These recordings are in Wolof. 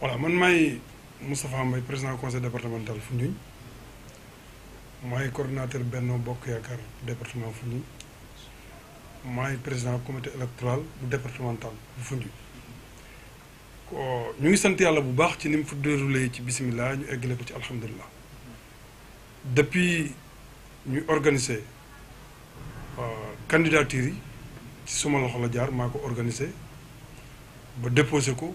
voilà man maay Moustapha Mbaye président conseil départemental Foundiougne maay coordonnateur benn Bokk Yaakaar département Foundiougne maay président comité électoral bu départemental bu Foundiougne ñu ngi sant yàlla bu baax ci ni mu fa ci bisimilah ñu eggale ko ci alhamdulilah depuis ñuy organiser euh, candidature yi ci suma loxo la jaar maa ko organiser ba déposé ko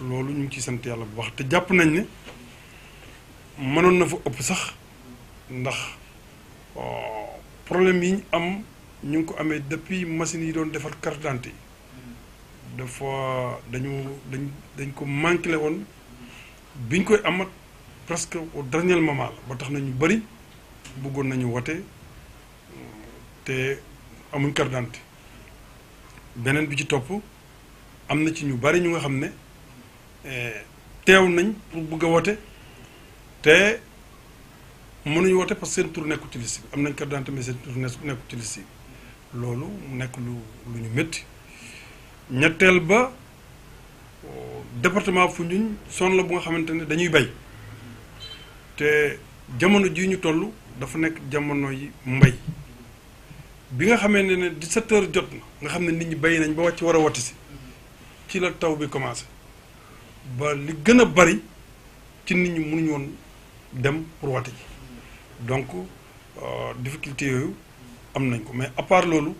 loolu ñu ngi ciy sant yàlla bu baax te jàpp nañ ne mënoon na fa ëpp sax ndax euh, problème yi ñu am ñu ngi ko amee depuis machines yi doon defar carte d'identité yi dafa dañu dañ dañ ko manqué woon bi ñu koy amat presque au dernier moment la ba tax na ñu bëri bëggoon nañu wote euh, te amuñ carte d'identité beneen bi ci topp am na ci ñu bëri ñu nga xam ne. Eh, teew nañ pour bëgg a woote te mënuñu woote parce que seen tur nekkul ci liste bi am nañ carte d'identité mais seen tur nekkul ci loolu mu nekk lu lu ñu métti ñetteel ba département Foundiougne son la bu nga xamante ne dañuy bay te jamono jii ñu toll dafa nekk jamono yi mbay bi nga xamee ne ne 17 heures jot na nga xam ne nit ñi bay nañ ba wàcc war a wote si ci la taw bi commencé ba li gën a bari ci nit ñi mënuñu woon dem pour wate ji donc euh, difficulté yooyu am nañ ko mais à part loolu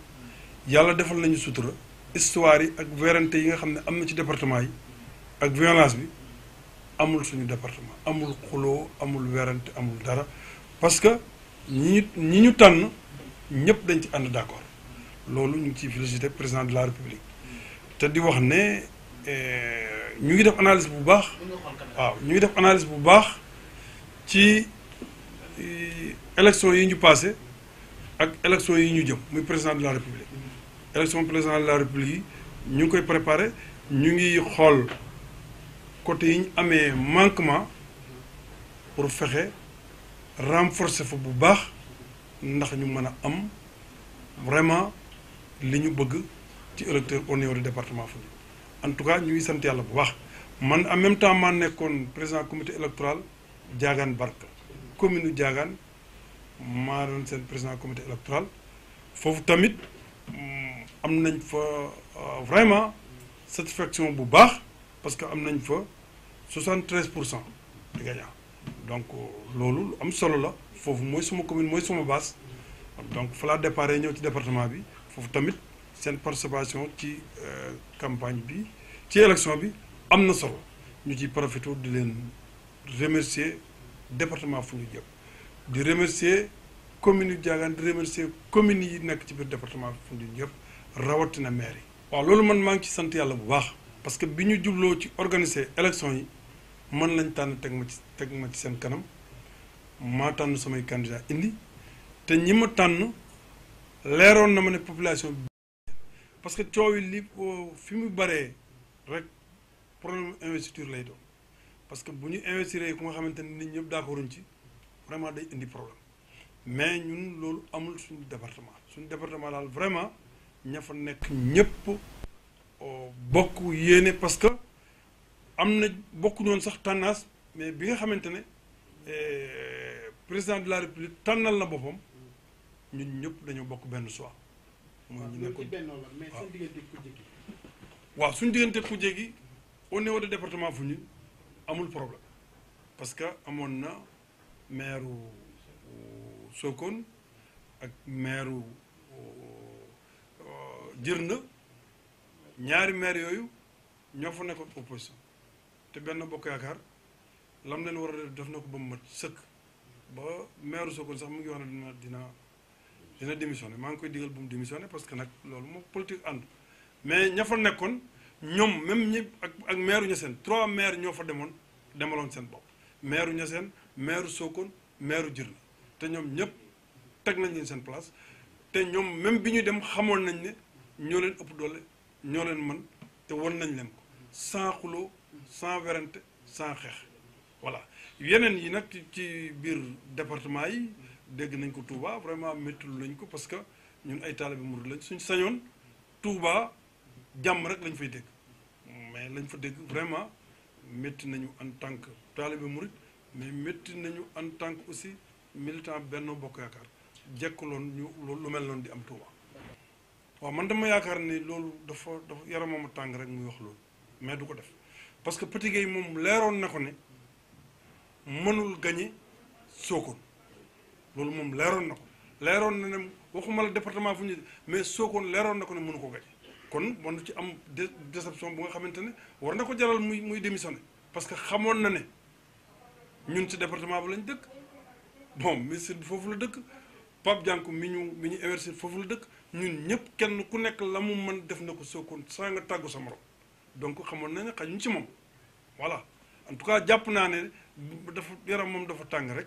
yàlla defal nañu sutura histoire yi ak werante yi nga xam ne am na ci département yi ak violence bi amul suñu département amul xuloo amul werante amul dara parce que ñi ñi ñu tànn ñëpp dañ ci ànd d'accord loolu ñu ngi ciy féliciter président de la république te di wax ne Euh, ñu ngi def analyse bu baax waaw ñu ngi def analyse bu baax ci euh, élection yi ñu passé ak élection yi ñu jëm muy président de la république élection président de la république ñu ngi koy préparé ñu ngi xool côté yi ñu amee manquement pour fexe renforcer fa bu baax ndax ñu mën a am vraiment li ñu bëgg ci électeur au niveau du département fu en tout cas ñu ngi sant yàlla bu baax man en même temps maa nekkoon président comité électoral diagan Barka commune Diagane maa doon seen président comité électoral foofu tamit mm, am nañ fa euh, vraiment satisfaction bu baax parce que am fa 73 de cent gagnant donc euh, loolu lu am solo la foofu mooy suma commune mooy suma base donc fa laa ñëw ci département bi foofu tamit seen participation ci euh, campagne bi ci élection bi am na solo ñu ci profité di leen remercier département fu ñu jëm di remercier commune yu Diagane di communes yi nekk ci biir département fu ñu jëm rawatina maire yi. waaw loolu man maa ngi ci sant yàlla bu baax parce que bi ñu jubloo ci organiser élection yi man lañ tànn teg ma ci teg ci seen kanam maa tànn samay candidat indi te ñi ma tànn leeroon na ma ne population parce que coow li fi mu baree rek problème investiture lay doon parce que bu ñu investir ku nga xamante ne nit ñëpp d'accorduñ ci vraiment day indi problème mais ñun loolu amul suñu département suñu département daal vraiment ña fa nekk ñëpp euh, bokk yéene parce que am na bokku ñoon sax tendance mais bi nga xamante ne euh, président de la république tànnal na boppam ñun ñëpp dañoo bokk benn choix waaw ñu nekkoon mais seen diggante ku jéggi waaw suñu diggante ku jéggi au niveau de département Foundiougne amul problème parce que amoon na maire euh, Sokone ak maire euh, euh, na ñaari meer yooyu ñoo fa nekkoon opposition te benn bokk yaakaar lam leen war a def na ko ba mu mat sëkk ba maire Sokone sax mu ngi wax ne dina dina dina démissionné maa ngi koy digal bu mu démissionné parce que nag loolu moom politique ànd mais ña fa nekkoon ñoom même ñi ak ak maire Niassène trois maires ñoo fa demoon demaloon seen bopp maire Niassène maire Sokone maire na te ñoom ñëpp teg nañ seen place te ñoom même bi ñu dem xamoon nañ ne ñoo leen ëpp doole ñoo leen mën te won nañ leen ko sans xuloo sans werante sans xeex voilà yeneen yi nag ci biir département yi dégg nañ ko Touba vraiment méttul nañ ko parce que ñun ay taalibe murid lañ suñ sañoon Touba jàmm rek lañ fay dégg mais lañ fa dégg vraiment métti nañu en tant que taalibe murid mais métti nañu en tant aussi militant Benno Bokk Yaakaar jekkuloon ñu lu mel noonu di am Touba. waaw man dama yaakaar ni loolu dafa dafa yaramam tàng rek muy wax loolu mais du ko def parce que Petit Gueye moom leeroon na ko ne mënul gañe Sokone loolu moom leeroon na ko leeroon na ne waxuma la département fu ñu mais Sokone leeroon na ko ne mënu ko gañ kon man ci am déception bu nga xamante ne war na ko jaral muy muy démissionné parce que xamoon na ne ñun ci departement bi lañ dëkk bon ministre foofu la dëkk Pape Dianko mi ñu mi ñu investir foofu dëkk ñun ñëpp kenn ku nekk la mu man def na ko Sokone saa nga tàggu sa morom donc xamoon na ne ñu si moom voilà en tout cas jàpp naa ne dafa yaram moom dafa tàng rek.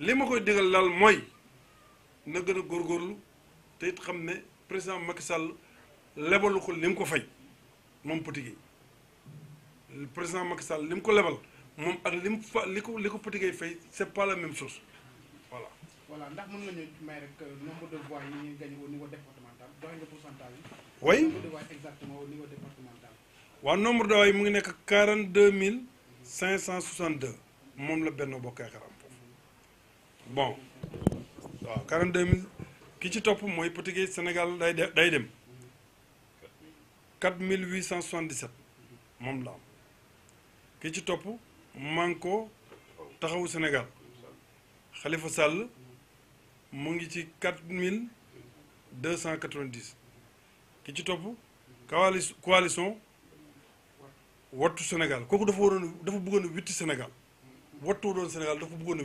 li koy digal lal moy na gën a góorgóorlu te it xam ne président Macky Sall lebalu ko lim ko fay moom Petit président Macky Sall li ko lebal moom ak lim mu fa li ko li ko Petit Gueye fay c'est pas la même chose voilà. voilà ndax mën nga ñu may rek euh, nombre de voix yi ñuy gagné au niveau départemental doy nga pourcentage yi. oui nombre de voix exactement au niveau départemental. waaw nombre de voix yi mu ngi nekk 42 562 moom la Benno Bokk Yaakaar bon waaw 42 000 ki ci topp mooy portugais Sénégal day de day dem 4 877 moom la ki ci topp Manko taxawu Sénégal Khalifa Sall mu ngi ci 4 290 ki ci topp coalition coalition wattu Sénégal kooku dafa waroon dafa bëggoon a witti Sénégal wattu doon Sénégal dafa bëggoon a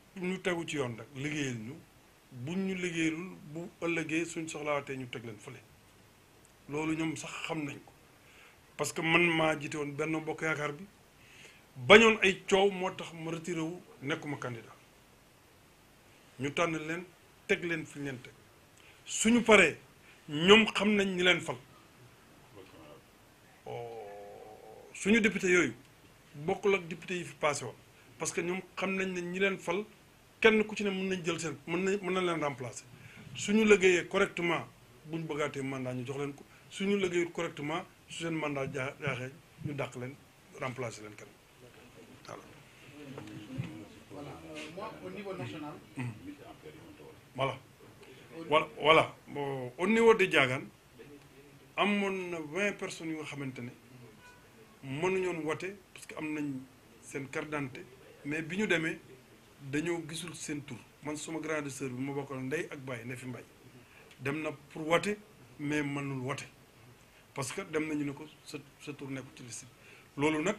ñu tegu ci yoon nag liggéeyal ñu buñ ñu liggéeyalul bu ëllëgee suñ soxlaatee ñu teg leen fële loolu ñoom sax xam nañ ko parce que man maa jiite woon benn mbokk yaakaar bi bañoon ay coow moo tax ma retiré wu nekkuma candidat ñu tànn leen teg leen fi ñu leen teg suñu paree ñoom xam nañ ñi leen fal oh, suñu député yooyu bokkul ak député yi fi passé woon parce que ñoom xam nañ ne ñi leen fal kenn ku ci ne mën nañ jël seen mën nañ mën nañ leen remplacer suñu liggéeyee correctement buñ bëggaatee mandat ñu jox leen ko suñu liggéeyut correctement su seen mandat jaa jaaxee ñu dàq leen remplacer leen kenn voilà. moi au niveau national. Mm-hmm. voilà voilà au niveau de Diagane amoon na vingt personnes yu nga xamante ne mënuñoon wote parce que am nañ seen carte d'identité mais bi ñu demee. dañoo gisul seen tur man suma grande sœur bi ma bokkal ndey ak bàyyi ne fi mbay dem na pour wote mais manul wote parce que dem nañu ne ko sa sa tur nekkul ci liste loolu nag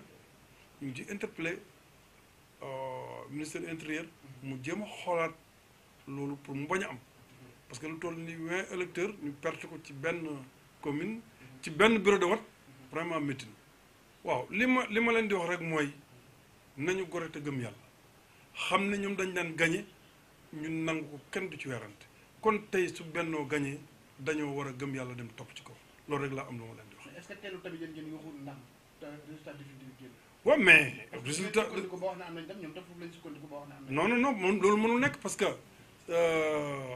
ñu ngi ci interpellé euh, ministère intérieur mu jéem a xoolaat loolu pour mu bañ a am parce que lu toll ni vingt électeur ñu perte ko ci benn commune ci benn bureau de vote vraiment métti waaw li ma li ma leen di wax rek mooy nañu gore te yàlla xam ne dañ daan gagné ñun nangu ko kenn du ci wérante kon tay su benno gagné dañu wara gëm yalla dem top ci ko loolu rek la am lo leen di wax. est ce que teelu tamit yéen ngeen waxul ndam résultat du définitif génn. wa mais résultat ko ba wax na am nañ ñom ñoom tam ci lañ sukkandiku ba wax na am non non non moom loolu mënul nekk parce que euh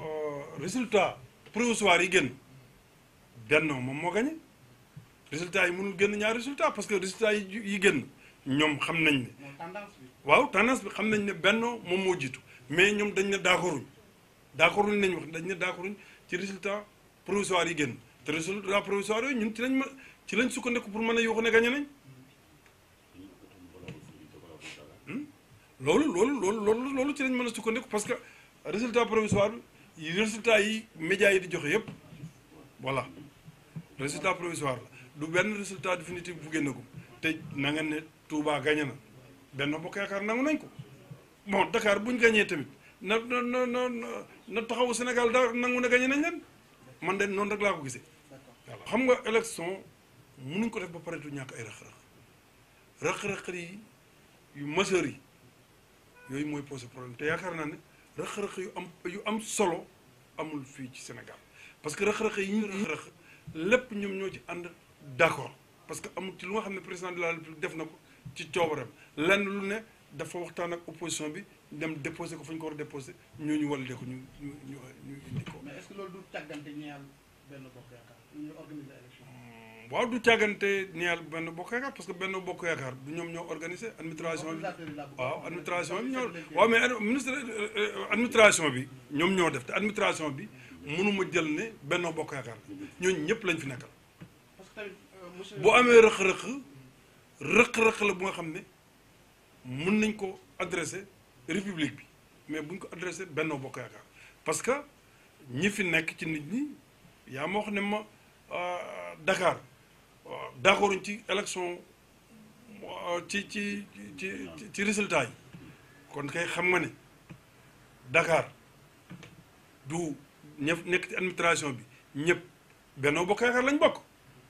euh résultat provisoire yi gën benno moom mo gagné résultat yi mënul gën ñaar résultat parce que résultat yi gën ñoom xam nañ ne waaw tendance bi xam nañ ne Benno moom moo jiitu mais ñoom dañ ne d'accorduñ d'accorduñ nañ wax dañ ne d'accorduñ ci résultat provisoire yi génn te résultat provisoire yooyu ñun ci lañ ma ci lañ sukkandiku pour mën a yuuxu ne gañe nañ hmm? loolu loolu loolu loolu loolu ci lañ mën a sukkandiku parce que résultat provisoire bi résultat yi médias yi di joxe yépp voilà résultat provisoire la du benn résultat définitif bu ko te na nga ne Touba gagné na benn bokk yaakaar nangou nañ ko mo Dakar buñ gagné tamit na na na na na taxawu Sénégal da nangou na gagné nañ len man den non rek la ko gisee. xam nga élection mënuñ ko def ba paré tu ñak ay rax rax rax rax yi yu majeur yi yooyu mooy posé problème té yakar na ne rax rax yu am yu am solo amul fi ci Sénégal parce que rax rax yi ñu rax lepp ñoom ñoo ci and d'accord parce que amul ci lu nga xamné président de la république def na ci coobaram lenn lu ne dafa waxtaan ak opposition bi dem déposé ko fu ñu ko war a déposé ñooñu walide ko ñu ñu ñu ñu indi ko. mais est-ce que loolu du tàggante ñeel benn bokk yaakaar ñu organiser élection. Hmm, waaw du càggante ñeel benn bokk parce que benn bokk yaakaar du ñoom ñoo organisé administration bi waaw administration ñoo waaw mais ministre euh, administration bi ñoom ñoo def te administration bi mënuma jël ne benn bokk yaakaar ñooñu ñëpp lañ fi nekkal. Euh, bu amee rëq-rëq. rëq-rëq la bu nga xam ne mun nañ ko adressé république bi mais buñ ko adressé Benno Bokk Yaakaar parce que ñi fi nekk ci nit ñi yaa ma wax ne ma euh, Dakar euh, d'accord ci élection euh, ci ci ci ci résultat yi kon kay xam nga ne Dakar du ñëpp nekk ci administration bi ñëpp Benno Bokk Yaakaar lañ bokk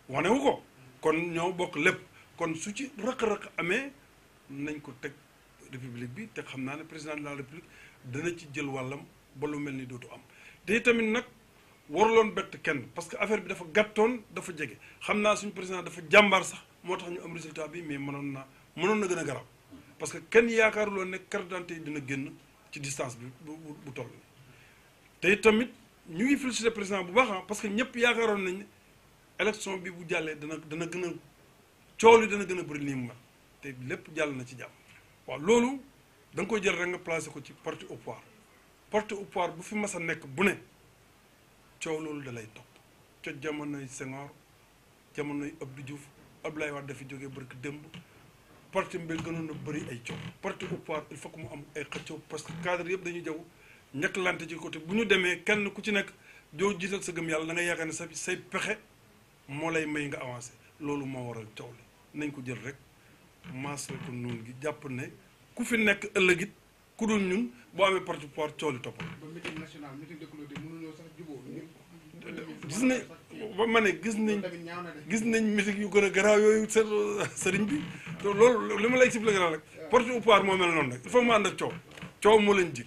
wane wu ko kon ñoo bokk lépp kon su ci rak rëq amee nañ ko tek république bi te xam naa président de la république dana ci jël walam ba lu mel ni dootu am te tamit nak waruloon bet kenn parce que affaire bi dafa gàttoon dafa jege xamna suñu président dafa jambar sax motax ñu am résultat bi mais mënon na mënon na gëna garaw parce que ken yaakaaruloon ne carte dina génn ci distance bi bu bu toll te tamit ñu ngi féliciter président bu baax ah parce que ñëpp yaakaaroon nañ élection bi bu jàllee dana dana gëna coow li dana gën a bëri nii mu mel te lépp jàll na ci jàmm waaw loolu danga nga koy jël rek nga ko ci porte au pouvoir porte au poir bu fi mas a nekk bu ne coow loolu da lay topp ca jamonoy Senghor jamonoy Abdou Diouf Abdoulaye wax dafi jógee barki démb porte bi gënoon a bëri ay coow porte au pouvoir il faut mu am ay xëccoo parce que cadre yëpp dañuy jaw ñekklante ci côté bu ñu demee kenn ku ci nekk doo jiital sa gëm yàlla da nga yaakaar ne sa say pexe moo lay may nga avancé loolu moo waral coow nañ ko jël rek maasal ko noonu gi jàpp ne ku fi nekk ëllëg it ku dul ñun boo amee porte porte cooli toppal. ba national meeting de clôture mënuñoo gis nañ ba ma ne gis nañ gis nañ meeting yu gën a garaaw yooyu seen sëriñ bi te loolu li ma lay expliqué rek porte au pouvoir moo mel noonu rek il faut mu ànd ak coow coow moo leen ji.